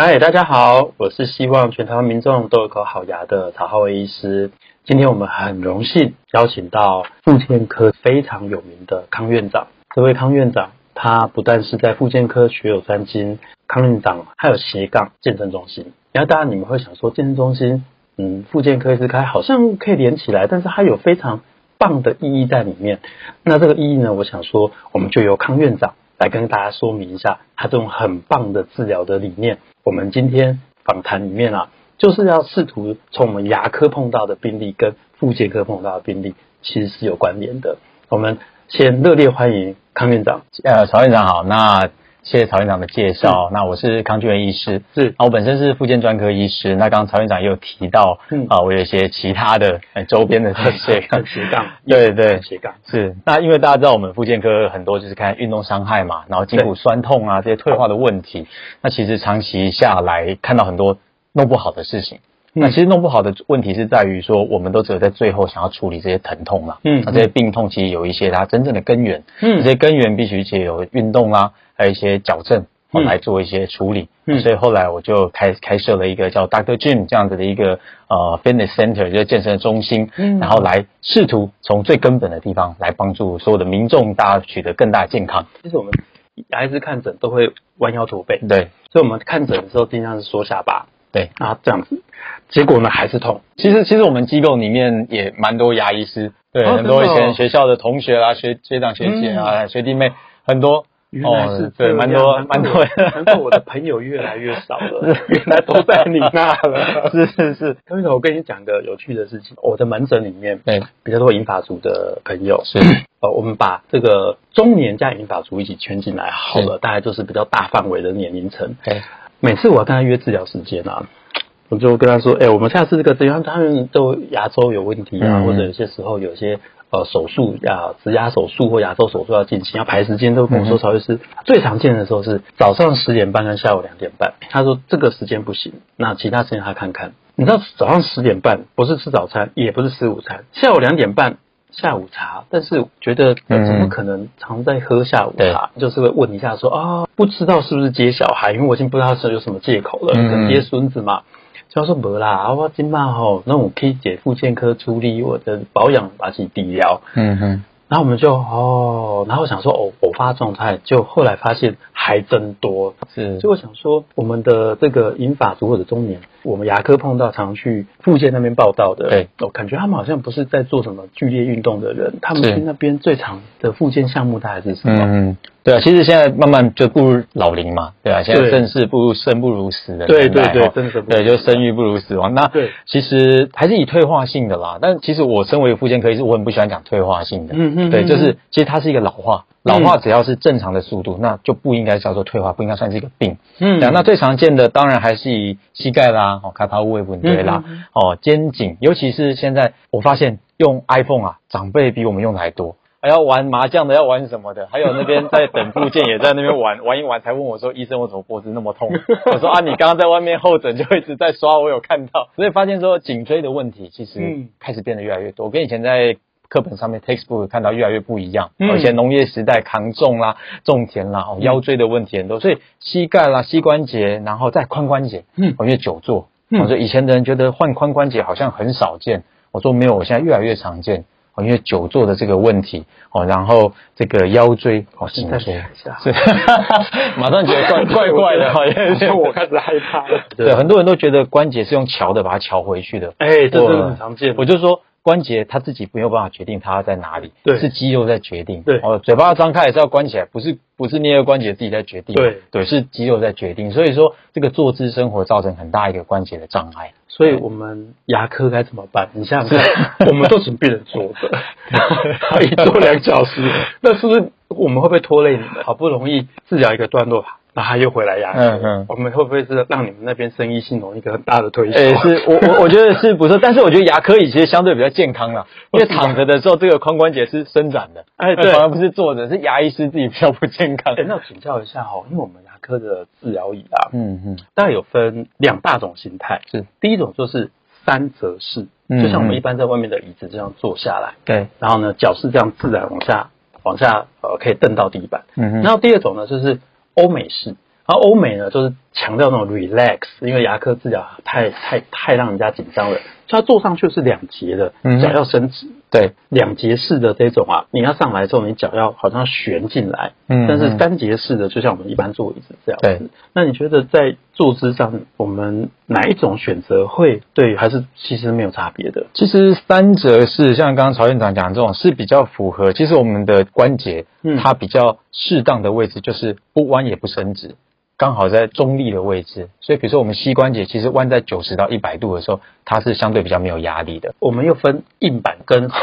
嗨，Hi, 大家好，我是希望全台灣民眾都有口好牙的曹浩威醫師。今天我們很榮幸邀請到復健科非常有名的康院長。這位康院長，他不但是在復健科學有專精，康院長還有斜槓健身中心。然後，當然你們會想說健身中心，嗯，復健科直開，好像可以連起來，但是它有非常棒的意義在裡面。那這個意義呢，我想說，我們就由康院長。來跟大家說明一下他這種很棒的治療的理念。我們今天訪談裡面啊，就是要試圖從我們牙科碰到的病例跟復健科碰到的病例其實是有關聯的。我們先熱烈歡迎康院長，呃，曹院長好。那。謝謝曹院長的介紹。是那我是康俊文醫師，是啊，我本身是復健專科醫師。那剛剛曹院長也有提到，嗯啊、呃，我有一些其他的呃周邊的這些斜槓、嗯， 對對斜槓、嗯、是。那因為大家知道我們復健科很多就是看運動傷害嘛，然後筋骨痠痛啊對這些退化的問題。那其實長期下來看到很多弄不好的事情。嗯、那其實弄不好的問題是在於說，我們都只有在最後想要處理這些疼痛嘛，嗯、嗯，那這些病痛其實有一些它真正的根源，嗯，這些根源必須且有運動啦、啊。還有一些矯正，嗯、來做一些處理、嗯啊，所以後來我就開開設了一個叫 Dr. Gym 這樣子的一個呃 fitness center，就是健身中心，嗯，然後來試圖從最根本的地方來幫助所有的民眾，大家取得更大的健康。其實我們牙醫師看診都會彎腰駝背，對，所以我們看診的時候經常是縮下巴，對，啊，這樣子，結果呢還是痛。其實其實我們機構裡面也蠻多牙醫師，對，哦、很多以前學校的同學啦，哦、學學長學姐啊，嗯、學弟妹很多。原來是對，蠻多蠻多，蠻多。蠻多我的朋友越來越少了， 原來都在你那了。 是是是，高院長，我跟你講個有趣的事情，我的門診裡面，嗯、比較多銀髮族的朋友，是，呃，我們把這個中年加銀髮族一起圈進來好了，是大概就是比較大範圍的年齡層。嗯、每次我跟他約治療時間啊，我就跟他說，哎、欸，我們下次這個地方，他們都牙周有問題啊，嗯嗯，或者有些時候有些。呃，手術呀，植、啊、牙手術或牙周手術要進行，要排時間。都跟我說，曹醫師，嗯嗯，最常見的時候是早上十點半跟下午兩點半。他說這個時間不行，那其他時間他看看。你知道早上十點半不是吃早餐，也不是吃午餐，下午兩點半，下午，點半，下午茶。但是覺得怎麼、呃嗯嗯、可能常在喝下午茶？對就是會問一下說啊、哦，不知道是不是接小孩，因為我已經不知道他是有什麼借口了，接孫、嗯嗯、子嘛。就說沒啦，我今麥吼那父父我可以解復健科處理或者保養把自己抵療，嗯哼，然後我們就哦，然後我想說偶偶發狀態，就後來發現還真多，是，所以我想說我們的這個銀髮族，或者的中年。我們牙科碰到常去復健那邊報到的，對，我感覺他們好像不是在做什麼劇烈運動的人，他們去那邊最常的復健項目大概是什麼？嗯，對啊，其實現在慢慢就步入老齡嘛，對啊，現在正式步入生不如死的年代對,對,對,的的對，就生育不如死亡。對那對其實還是以退化性的啦，但其實我身為復健科醫師我很不喜歡講退化性的，嗯、哼哼哼對，就是其實它是一個老化。老化只要是正常的速度，那就不應該叫做退化，不應該算是一個病。嗯，那最常見的當然還是以膝蓋啦，哦，髖部的問題啦，嗯嗯嗯哦，肩頸，尤其是現在我發現用 iPhone 啊，長輩比我們用的還多，還要玩麻將的，要玩什麼的，還有那邊在等復健，也在那邊玩 玩一玩，才問我說：“醫生，我怎麼脖子那麼痛？” 我說：“啊，你剛剛在外面候診就一直在刷，我有看到，所以發現說頸椎的問題其實開始變得越來越多。嗯、我跟以前在課本上面 textbook 看到越來越不一樣，而且農業時代扛重啦，種田啦，哦，腰椎的問題很多，所以膝蓋啦、膝關節，然後再髖關節，嗯，哦，因為久坐，我說以前的人覺得換髖關節好像很少見，我說沒有，我現在越來越常見。哦，因為久坐的這個問題，哦，然後這個腰椎，哦，頸椎是啊，馬上覺得怪怪怪的，哈，因為我開始害怕了，對，很多人都覺得關節是用橋的把它橋回去的，哎，這是很常見的，我就說。關節他自己沒有辦法決定它在哪裡，對是肌肉在決定。對，哦，嘴巴要張開也是要關起來，不是不是捏個關節自己在決定，對對，是肌肉在決定。所以說這個坐姿生活造成很大一個關節的障礙。所以我們牙科該怎麼辦？你現在是 我們都是病人做的， 可一坐兩小時， 那是不是我們會不會拖累你們？好不容易治療一個段落吧。啊！又回來牙，嗯嗯，我們會不會，是讓你們那邊生意興隆一個很大的推？誒，是我我我覺得是不錯，但是我覺得牙科椅其實相對比較健康啦。因為躺着的時候，這個髖關節是伸展的，哎，對，反而不是坐着，是牙醫師自己比較不健康。那我請教一下哦，因為我們牙科的治療椅啊，嗯嗯，大概有分兩大種形態，是第一種就是三折式，就像我們一般在外面的椅子這樣坐下來，對，然後呢，腳是這樣自然往下往下呃可以蹬到地板，嗯嗯，然後第二種呢就是。歐美式，而歐美呢，就是強調那種 relax，因為牙科治療太太太讓人家緊張了。所以他坐上去是兩節的，腳要伸直。嗯對，兩節式的這種啊，你要上來之後，你腳要好像懸進來。嗯，但是三節式的，就像我們一般坐椅子這樣子。對，那你覺得在坐姿上，我們哪一種選擇會對，還是其實沒有差別的？其實三折式，像剛剛曹院長講的這種，是比較符合其實我們的關節，它比較適當的位置，就是不彎也不伸直。剛好在中立的位置，所以比如說我們膝關節其實彎在九十到一百度的時候，它是相對比較沒有壓力的。我們又分硬板跟曲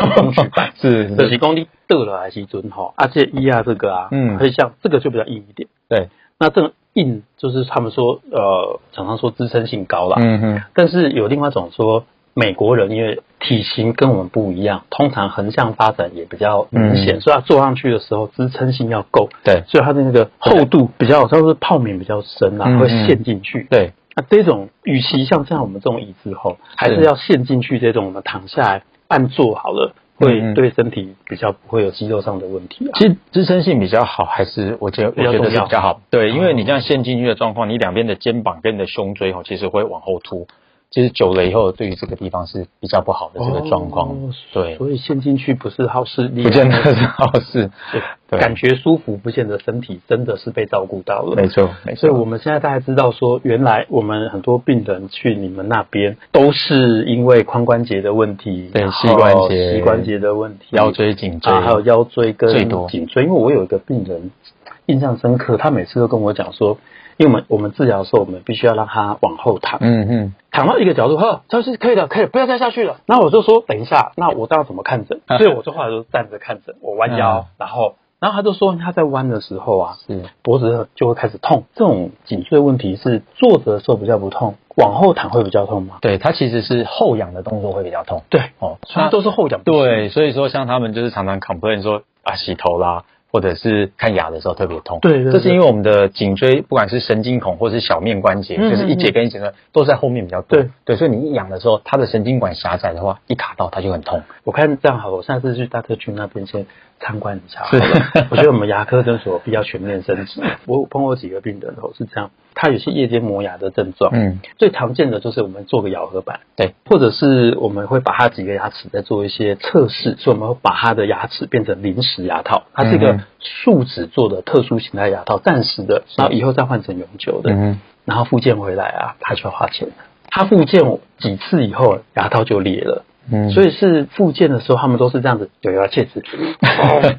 板， 是是，是，幾公釐得了還是尊好啊？這一啊這個啊，嗯，可以像這個就比較硬一點。對，那這個硬就是他們說呃，常常說支撐性高啦，嗯哼，但是有另外一種說。美國人因為體型跟我們不一樣，通常橫向發展也比較明顯，嗯、所以他坐上去的時候支撐性要夠。對，所以它的那個厚度比較，對像是泡棉比較深啊，嗯嗯會陷進去。對，那這種與其像像我們這種椅子吼，還是要陷進去這種我們躺下來半坐好了，是會對身體比較不會有肌肉上的問題、啊。其實支撐性比較好，還是我覺得我覺得比較好。嗯、對，因為你這樣陷進去的狀況，你兩邊的肩膀跟你的胸椎吼，其實會往後凸。其實久了以後，對於這個地方是比較不好的這個狀況。哦、對。所以陷進去不是好事，不見得是好事。對。對。感覺舒服，不見得身體真的是被照顧到了。沒錯，沒錯。所以我們現在大家知道，說原來我們很多病人去你們那邊，都是因為髖關節的問題，對，膝關節、膝關節的問題，對腰椎、頸椎，椎、啊，還有腰椎跟頸椎。多因為我有一個病人印象深刻，他每次都跟我講說。因為我們我們治療的時候，我們必須要讓他往後躺，嗯嗯哼，躺到一個角度，呵，這是可以的，可以不要再下去了。那我就說等一下，那我到底怎麼看診？ 所以我後來就站着看診，我彎腰，嗯、然後，然後他就說他在彎的時候啊，是脖子就會開始痛。這種頸椎問題是坐着的時候比較不痛，往後躺會比較痛嗎？對他其實是後仰的動作會比較痛。對哦，那都是後仰是。對，所以說像他們就是常常 complain 說啊洗頭啦、啊。或者是看牙的時候特別痛，對，對、對，這是因為我們的頸椎不管是神經孔或是小面關節，就是一節跟一節的都在後面比較多，嗯嗯嗯、對，對，所以你一仰的時候，它的神經管狹窄的話，一卡到它就很痛。我看這樣好，我下次去大特區那邊先。參觀一下，是我覺得我們牙科診所比較全面，升級。 我碰過幾個病人，都是這樣。他有些夜間磨牙的症狀，嗯，最常見的就是我們做個咬合板，對，或者是我們會把他幾個牙齒再做一些測試，所以我們會把他的牙齒變成臨時牙套，它是一個樹脂做的特殊形態牙套，暫時的，然後以後再換成永久的。嗯，然後復健回來啊，他就要花錢。他復健幾次以後，牙套就裂了。嗯，所以是復健的時候，他們都是這樣子咬牙切齒。哦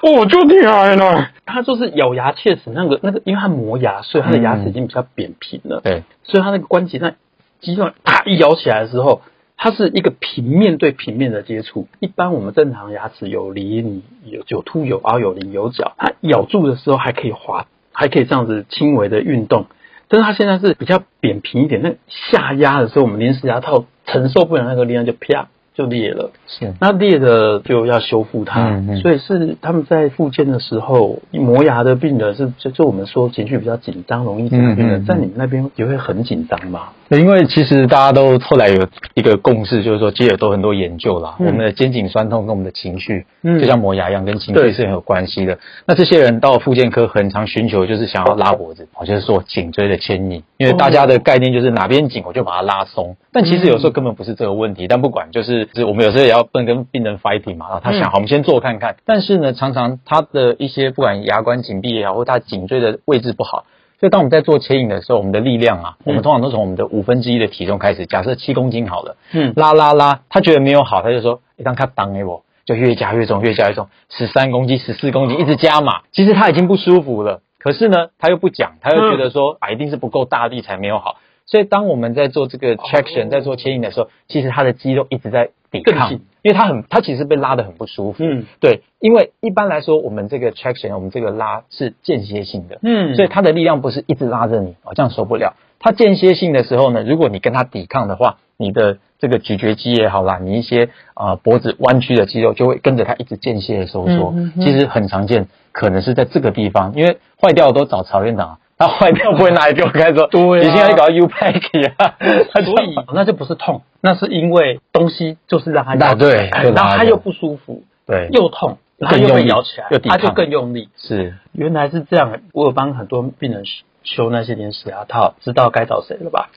哦，我就厲害了！他就是咬牙切齒，那個那個，因為他磨牙，所以他的牙齒已經比較扁平了。對，所以他那個關節那肌肉，他一咬起來的時候，它是一個平面對平面的接觸。一般我們正常牙齒有裡有有凸有凹有稜有角，它咬住的時候還可以滑，還可以這樣子輕微的運動。但是它現在是比較扁平一點，那下壓的時候，我們臨時牙套。承受不了那個力量，就啪。就裂了，是那裂的就要修復它，嗯嗯、所以是他們在復健的時候，磨牙的病人是就就我們說情緒比較緊張容易這樣，病人在你們那邊也會很緊張嘛？對，因為其實大家都後來有一個共識，就是說，其實都很多研究啦，嗯、我們的肩頸痠痛跟我們的情緒，嗯、就像磨牙一樣，跟情緒是很有關係的。嗯、那這些人到復健科很常尋求，就是想要拉脖子，或者、哦、是說頸椎的牽引，因為大家的概念就是哪邊緊我就把它拉松，但其實有時候根本不是這個問題，嗯、但不管就是。就是我們有時候也要跟跟病人 fighting 嘛，然後他想好，我們先做看看。嗯、但是呢，常常他的一些不管牙關緊閉也好，或他頸椎的位置不好，所以當我們在做牽引的時候，我們的力量啊，嗯、我們通常都從我們的五分之一的體重開始，假設七公斤好了，嗯，拉拉拉，他覺得沒有好，他就說，一讓他擋我，就越加越重，越加越重，十三公斤、十四公斤一直加嘛。其實他已經不舒服了，可是呢，他又不講，他又覺得說，啊、嗯，一定是不夠大力才沒有好。所以當我們在做這個 traction，oh, okay. 在做牽引的時候，其實他的肌肉一直在抵抗，近因為他很，他其實被拉得很不舒服。嗯，對，因為一般來說，我們這個 traction，我們這個拉是間歇性的。嗯，所以他的力量不是一直拉着你，好這樣受不了。他間歇性的時候呢，如果你跟他抵抗的話，你的這個咀嚼肌也好啦，你一些啊、呃、脖子彎曲的肌肉就會跟着他一直間歇的收縮。嗯哼，其實很常見，可能是在這個地方，因為壞掉的都找曹院長。然後他壞掉不會拿來給我開桌，你現在搞到 U 盤去啊？啊去了所以， 那就不是痛，那是因為東西就是讓他它，對，然後他又不舒服，對，又痛。它又被咬起來，它就更用力。是，原來是這樣。我有幫很多病人修那些臨時牙套，知道該找誰了吧？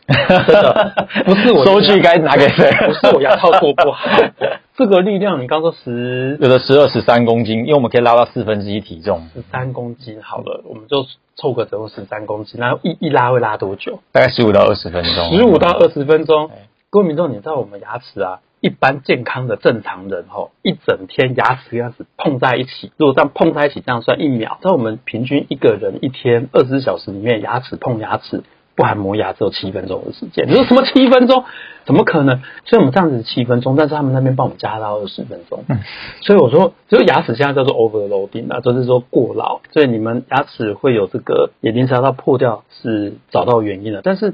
不是我收據該拿給誰？不是我牙套做不好。這個力量，你剛說十有的十二十三公斤，因為我們可以拉到四分之一體重。十三公斤好了，我們就湊個整，十三公斤。然後一一拉會拉多久？大概十五到二十分鐘。十五到二十分鐘。各位民眾，你知道我們牙齒啊？一般健康的正常人，吼，一整天牙齒這樣子碰在一起，如果這樣碰在一起這樣算一秒，那我們平均一個人一天二十四小時裡面，牙齒碰牙齒不含磨牙只有七分鐘的時間。你說什麼七分鐘？怎麼可能？所以我們這樣子七分鐘，但是他們那邊幫我們加到二十分鐘。嗯，所以我說，就牙齒現在叫做 overloading，啊，就是說過勞，所以你們牙齒會有這個牙齦差到破掉，是找到的原因了，但是。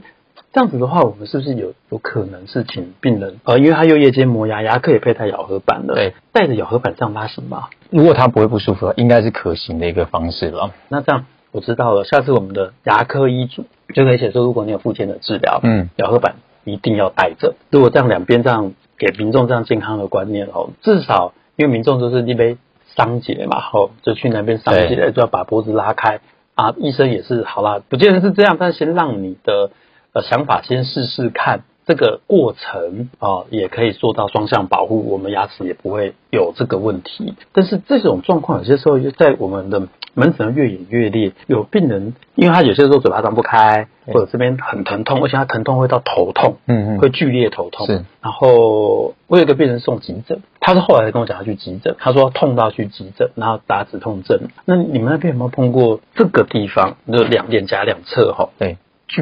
這樣子的話，我們是不是有有可能是請病人？呃，因為他有夜間磨牙，牙科也配戴咬合板的。對，戴着咬合板這樣拉伸嘛。如果他不會不舒服，應該是可行的一個方式了。那這樣我知道了。下次我們的牙科醫囑就可以寫說，如果你有復健的治療，嗯，咬合板一定要戴着。如果這樣兩邊這樣給民眾這樣健康的觀念哦，至少因為民眾都是那邊傷科嘛，哦，就去那邊傷科就要把脖子拉開啊。醫生也是好啦，不見得是這樣，但是先讓你的。呃，想法先試試看，這個過程啊、呃，也可以做到雙向保護，我們牙齒也不會有這個問題。但是這種狀況有些時候就在我們的門診越演越烈，有病人因為他有些時候嘴巴張不開，對或者這邊很疼痛，而且他疼痛會到頭痛，嗯嗯，會劇烈頭痛。是，然後我有一個病人送急診，他是後來才跟我講他去急診，他說他痛到去急診，然後打止痛針。那你們那邊有沒有碰過這個地方？就兩臉頰兩側哈、哦？對。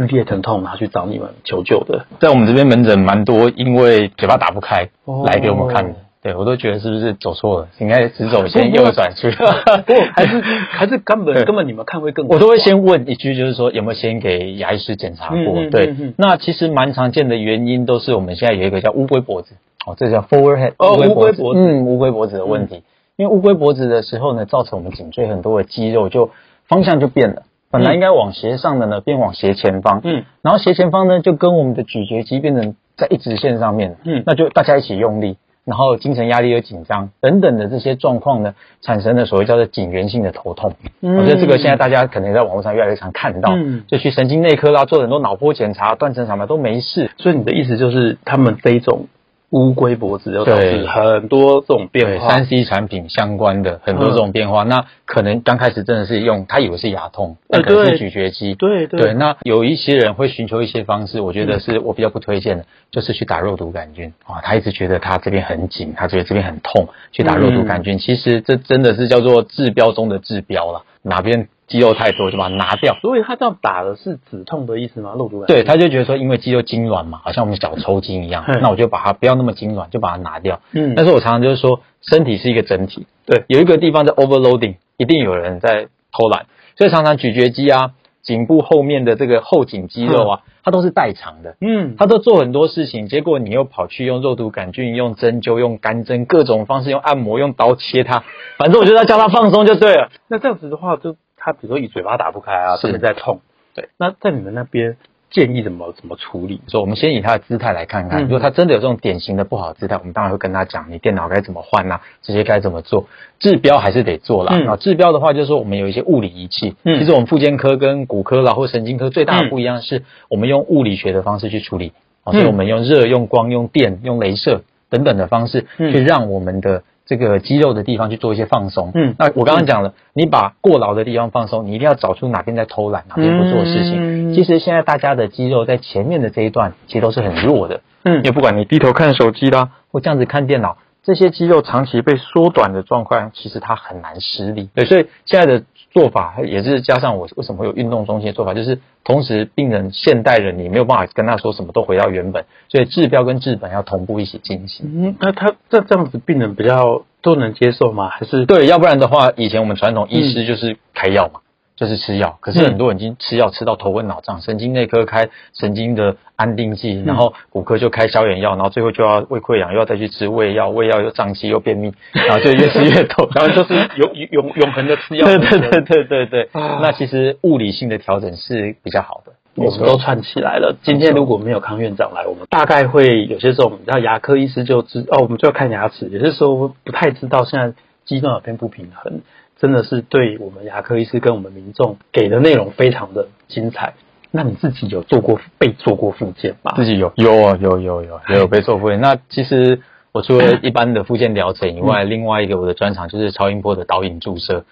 劇烈疼痛，拿去找你們求救的，在我們這邊門診蠻多，因為嘴巴打不開來給我們看的。對我都覺得是不是走錯了，應該直走先右轉去，還是還是根本根本你們看會更快。我都會先問一句，就是說有沒有先給牙醫師檢查過？對，那其實蠻常見的原因都是我們現在有一個叫烏龜脖子哦，這叫 forward head，哦烏龜脖子，嗯烏龜脖子的問題，因為烏龜脖子的時候呢，造成我們頸椎很多的肌肉就方向就變了。本來應該往斜上的呢，變往斜前方。嗯，然後斜前方呢，就跟我們的咀嚼肌變成在一直線上面。嗯，那就大家一起用力，然後精神壓力又緊張等等的這些狀況呢，產生了所謂叫做頸源性的頭痛。嗯，我覺得這個現在大家可能在網絡上越來越常看到，嗯。就去神經內科啦、啊，做了很多腦波檢查、斷層什麼都沒事。所以你的意思就是他們這一種。嗯。烏龜脖子又導致很多這種變化，3C 產品相關的很多這種變化，嗯、那可能剛開始真的是用他以為是牙痛，嗯、可能是咀嚼肌、欸對，對對,對。那有一些人會尋求一些方式，我覺得是我比較不推薦的，嗯、就是去打肉毒桿菌啊。他一直覺得他這邊很緊，他覺得這邊很痛，去打肉毒桿菌，嗯、其實這真的是叫做治標中的治標啦。哪邊？肌肉太多就把它拿掉，所以他這樣打的是止痛的意思嗎？肉毒桿菌？對，他就覺得說，因為肌肉痙攣嘛，好像我們腳抽筋一樣，嗯、那我就把它不要那麼痙攣，就把它拿掉。嗯，但是我常常就是說，身體是一個整體，對，有一個地方在 overloading，一定有人在偷懶，所以常常咀嚼肌啊、頸部後面的這個後頸肌肉啊，嗯、它都是代償的，嗯，它都做很多事情，結果你又跑去用肉毒桿菌、用針灸、用乾針各種方式、用按摩、用刀切它，反正我覺得叫他放鬆就對了。那這樣子的話，就。他比如說，以嘴巴打不開啊，甚至是在痛，對。那在你們那邊建議怎麼怎麼處理？所以我們先以他的姿態來看看，如果他真的有這種典型的不好的姿態，嗯、我們當然會跟他講，你電腦該怎麼換吶、啊，這些該怎麼做，治標還是得做啦。嗯、治標的話，就是說我們有一些物理儀器，嗯、其實我們復健科跟骨科啦或神經科最大的不一樣，是我們用物理學的方式去處理、嗯啊。所以我們用熱、用光、用電、用雷射等等的方式去讓我們的。這個肌肉的地方去做一些放鬆。嗯，那我剛剛講了，你把過勞的地方放鬆，你一定要找出哪邊在偷懶，哪邊不做的事情。嗯，其實現在大家的肌肉在前面的這一段，其實都是很弱的。嗯，也不管你低頭看手機啦，或這樣子看電腦，這些肌肉長期被縮短的狀況，其實它很難施力。對，所以現在的。做法也是，加上我為什麼會有運動中心的做法，就是同時病人、現代人你沒有辦法跟他說什麼都回到原本，所以治標跟治本要同步一起進行。嗯，那他這這樣子病人比較都能接受嗎？還是？對，要不然的話，以前我們傳統醫師就是開藥嘛。嗯就是吃藥，可是很多人已經吃藥吃到頭昏腦脹，嗯、神經內科開神經的安定劑，嗯、然後骨科就開消炎藥，然後最後就要胃潰瘍，又要再去吃胃藥，胃藥又脹氣又便秘，然後就越吃越痛， 然後就是永 永永恆的吃藥。對對對對對對，啊，那其實物理性的調整是比較好的，我們都串起來了。今天如果沒有康院長來，我們大概會有些時候，我們牙科醫師就知哦，我們就要看牙齒，有些時候不太知道現在肌肉兩邊不平衡。真的是對我們牙科醫師跟我們民眾給的內容非常的精彩。那你自己有做過被做過復健嗎？自己有，有、啊，有，有，有，有，有，有被做復健。 那其實我除了一般的復健療程以外，嗯、另外一個我的專長就是超音波的導引注射。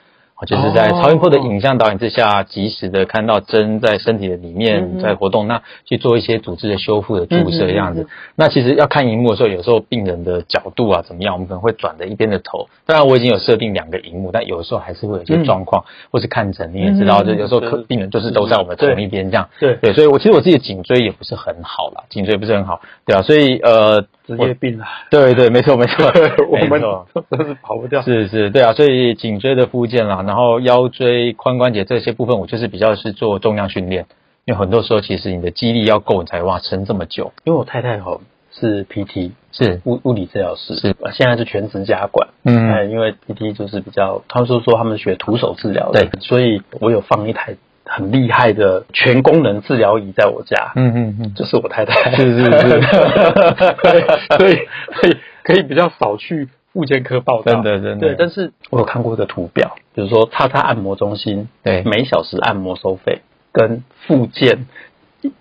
就是在超音波的影像導演之下，即時的看到針在身體的裡面在活動，那去做一些組織修復的修復的注射這樣子。嗯嗯嗯嗯嗯、那其實要看熒幕的時候，有時候病人的角度啊怎麼樣，我們可能會轉在一邊的頭。當然我已經有設定兩個熒幕，但有的時候還是會有一些狀況，或是看診你也知道，就有時候可病人就是都在我們同一邊這樣。對對，所以我其實我自己的頸椎也不是很好啦，頸椎也不是很好，對啊，所以呃。職業病了，對對，對，沒錯沒錯， 我們都是跑不掉。是是，對啊，所以頸椎的附件啦，然後腰椎、髖關節這些部分，我就是比較是做重量訓練，因為很多時候其實你的肌力要夠，你才哇撐這麼久。因為我太太齁是 PT，是物物理治療師，是，是現在是全職家管，嗯，因為 PT 就是比較，他們說說他們學徒手治療的，對 所以我有放一台。很厲害的全功能治療儀在我家，嗯嗯嗯，就是我太太，是是是 對，所以所以可以比較少去復健科報到，真的真的對。但是我有看過一個圖表，比如說叉叉按摩中心，對，每小時按摩收費跟復健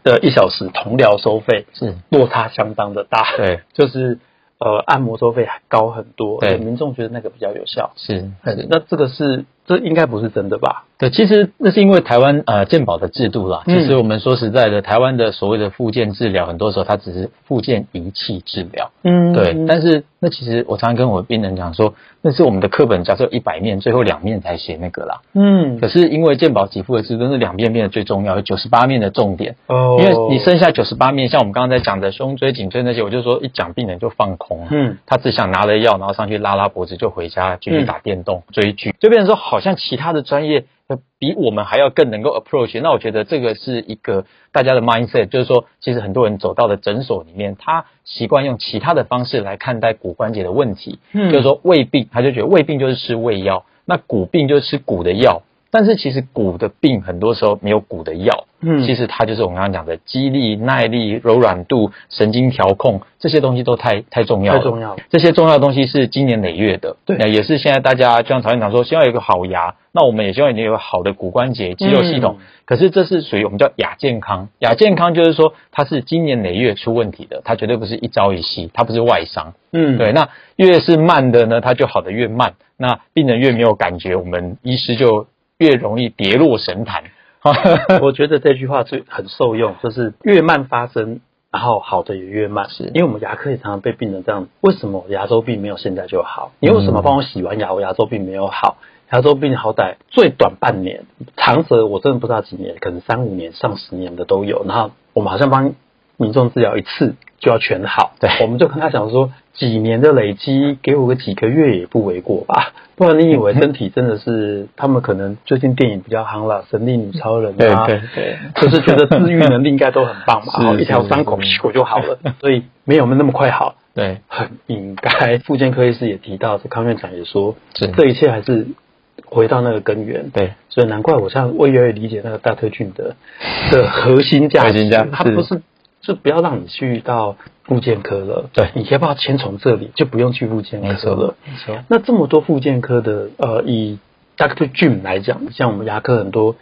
的一小時同療收費是落差相當的大，對是，就是呃按摩收費還高很多，對，民眾覺得那個比較有效，對是，是那這個是。這應該不是真的吧？對，其實那是因為台灣呃健保的制度啦。其實我們說實在的，台灣的所謂的復健治療，很多時候它只是復健儀器治療。嗯,嗯，對。但是那其實我常常跟我病人講說，那是我們的課本假設有一百面，最後兩面才寫那個啦。嗯。可是因為健保給付的制度，那兩面變得最重要，有九十八面的重點。哦。因為你剩下九十八面，哦、像我們剛才在講的胸椎、頸椎那些，我就說一講病人就放空嗯。他只想拿了藥，然後上去拉拉脖子就回家，繼續打電動、嗯、追劇。就變成說好。像其他的專業，比我們還要更能夠 approach。那我覺得這個是一個大家的 mindset，就是說，其實很多人走到了診所裡面，他習慣用其他的方式來看待骨關節的問題，就是說胃病，他就覺得胃病就是吃胃藥，那骨病就是吃骨的藥。但是其實骨的病很多時候沒有骨的藥，嗯，其實它就是我們剛剛講的肌力、耐力、柔軟度、神經調控這些東西都太太重要，太重要了。要了這些重要的東西是經年累月的，對，那也是現在大家就像曹院長說，希望有個好牙，那我們也希望你有一個好的骨關節、肌肉系統。嗯、可是這是屬於我們叫亞健康，亞健康就是說它是經年累月出問題的，它絕對不是一朝一夕，它不是外傷，嗯，對。那越是慢的呢，它就好得越慢，那病人越沒有感覺，我們醫師就。越容易跌落神壇， 我覺得這句話最很受用，就是越慢發生，然後好的也越慢。是因為我們牙科也常常被病人這樣，為什麼牙周病沒有現在就好？你為，為什麼幫我洗完牙，我牙周病沒有好？牙周病好歹最短半年，長則我真的不知道幾年，可能三五年、上十年的都有。然後我們好像幫。民眾治療一次就要全好，對，我們就跟他講說，幾年的累積，給我個幾個月也不為過吧？不然你以為身體真的是？他們可能最近電影比較夯了，《神力女超人》啊，對對對，就是覺得自癒能力應該都很棒嘛， 是 然後一條傷口屁股就好了，所以沒有那麼那麼快好。對，很應該。復健科醫師也提到，康院長也說，這一切還是回到那個根源。對，所以難怪我現在越來越理解那個大特俊的的核心價值，它不是。就不要讓你去到復健科了。對，你要把它牽從這裡就不用去復健科了。沒錯，那這麼多復健科的，呃，以 Dr. Gym 來講，像我們牙科很多，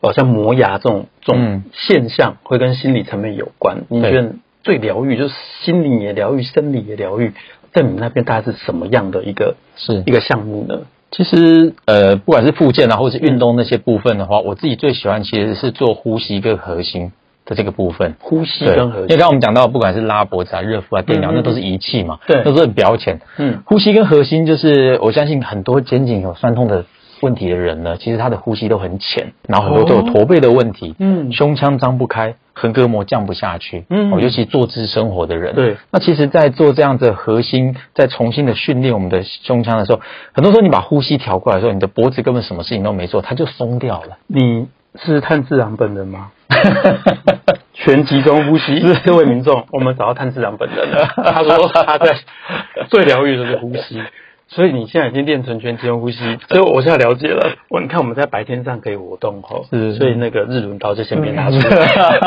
好、哦、像磨牙這種，這種現象會跟心理層面有關。嗯、你覺得最療癒，就是心理也療癒，生理也療癒，在你們那邊大概是什麼樣的一個是一個項目呢？其實，呃，不管是復健啊，或者是運動那些部分的話，嗯、我自己最喜歡其實是做呼吸一個核心。的這個部分，呼吸跟核心，因為剛剛我們講到，不管是拉脖子啊、熱敷啊、電療，嗯嗯、那都是儀器嘛，對，那都是很表淺。嗯，呼吸跟核心就是，我相信很多肩頸有痠痛的問題的人呢，其實他的呼吸都很淺，然後很多都有駝背的問題，嗯、哦，胸腔張不開，橫膈、嗯、膜降不下去，嗯，尤其坐姿生活的人，對，那其實，在做這樣子的核心，在重新的訓練我們的胸腔的時候，很多時候你把呼吸調過來的時候，你的脖子根本什麼事情都沒做，它就鬆掉了，你。是炭治郎本人嗎？ 全集中呼吸，各是位民眾， 我們找到炭治郎本人了。 他說：“他在最療癒的是呼吸。” 所以你現在已經練成全集中呼吸，所以我現在了解了。我你看，我們在白天上可以活動哈，哦、是，所以那個日輪刀就先別拿出來。嗯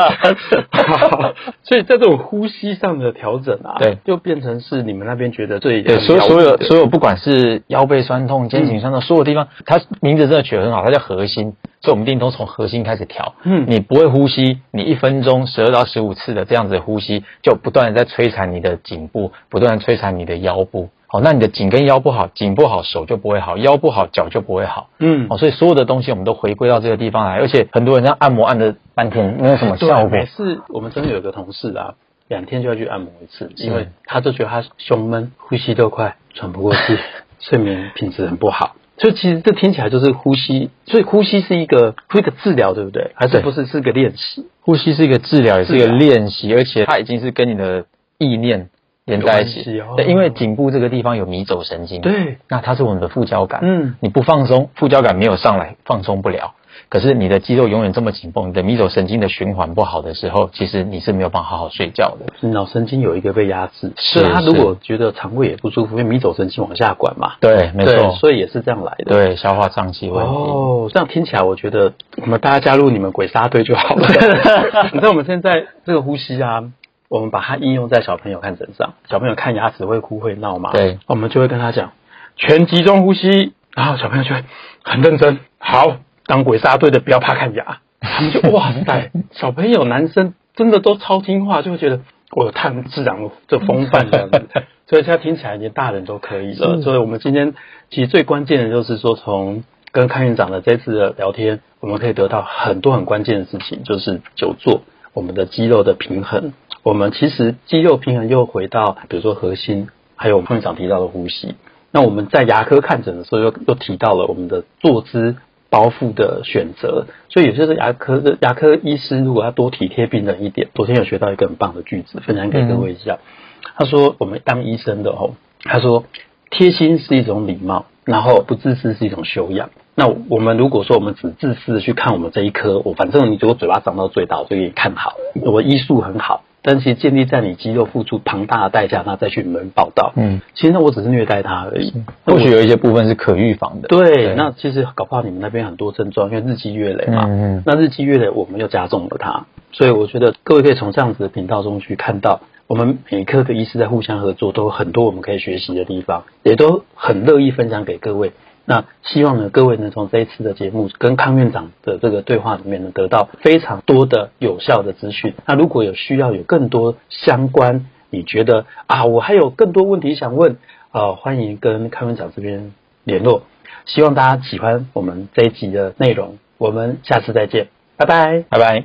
啊、 所以，在這種呼吸上的調整啊，對，就變成是你們那邊覺得最所所有所有，所有不管是腰背酸痛、肩頸酸痛、嗯、所有的地方，它名字真的取得很好，它叫核心。所以，我們一定都從核心開始調。嗯，你不會呼吸，你一分鐘十二到十五次的這樣子的呼吸，就不斷的在摧殘你的頸部，不斷摧殘你的腰部。好、哦，那你的頸跟腰不好，頸不好手就不會好，腰不好腳就不會好。嗯，哦，所以所有的東西我們都回歸到這個地方來，而且很多人這樣按摩按了半天，沒有什麼效果。也、嗯是,啊、是，我們真的有一個同事啊，兩天就要去按摩一次，是因為他就覺得他胸悶，呼吸都快喘不過氣，睡眠品質很不好。 所以其實這聽起來就是呼吸，所以呼吸是一個，是一個治療，對不對？還是不是是一個練習？呼吸是一個治療，也是一個練習，療而且它已經是跟你的意念。連在一起哦，對，因為頸部這個地方有迷走神經，對、哦，那它是我們的副交感，嗯，你不放鬆，副交感沒有上來，放鬆不了。可是你的肌肉永遠這麼緊繃，你的迷走神經的循環不好的時候，其實你是沒有辦法好好睡覺的。是腦神經有一個被壓制，是他是如果覺得腸胃也不舒服，因為迷走神經往下管嘛，對，沒錯對，所以也是這樣來的。對，消化臟器會哦，這樣聽起來我覺得我、嗯、們大家加入你們鬼殺隊就好了。 你知道我們現在這個呼吸啊。我們把它應用在小朋友看診上，小朋友看牙齒會哭會鬧嘛？對，我們就會跟他講全集中呼吸，然後小朋友就會很認真。好，當鬼殺隊的不要怕看牙，他們就哇塞， 小朋友男生真的都超聽話，就會覺得我有炭治郎的風範這樣子，所以現在聽起來連大人都可以了。是所以，我們今天其實最關鍵的就是說，從跟康院長的這次的聊天，我們可以得到很多很關鍵的事情，就是久坐我們的肌肉的平衡。我們其實肌肉平衡又回到，比如說核心，還有我們院長提到的呼吸。那我們在牙科看診的時候又，又又提到了我們的坐姿、包覆的選擇。所以有些的牙科的牙科醫師，如果要多體貼病人一點，昨天有學到一個很棒的句子，分享給各位一下。嗯、他說：“我們當醫生的哦，他說貼心是一種禮貌，然後不自私是一種修養。那我們如果說我們只自私的去看我們這一科，我反正你如果嘴巴張到最大，我就給你看好，我的醫術很好。”但其實建立在你肌肉付出龐大的代價，那再去門診報到。嗯，其實那我只是虐待他而已。或許有一些部分是可預防的。那我，對，對。那其實搞不好你們那邊很多症狀，因為日積月累嘛。嗯，嗯，那日積月累，我們又加重了它，所以我覺得各位可以從這樣子的頻道中去看到，我們每一科的醫師在互相合作，都有很多我們可以學習的地方，也都很樂意分享給各位。那希望呢，各位能從這一次的節目跟康院長的這個對話裡面，能得到非常多的有效的資訊。那如果有需要，有更多相關，你覺得啊，我還有更多問題想問，啊、呃，歡迎跟康院長這邊聯絡。希望大家喜歡我們這一集的內容，我們下次再見，拜拜，拜拜。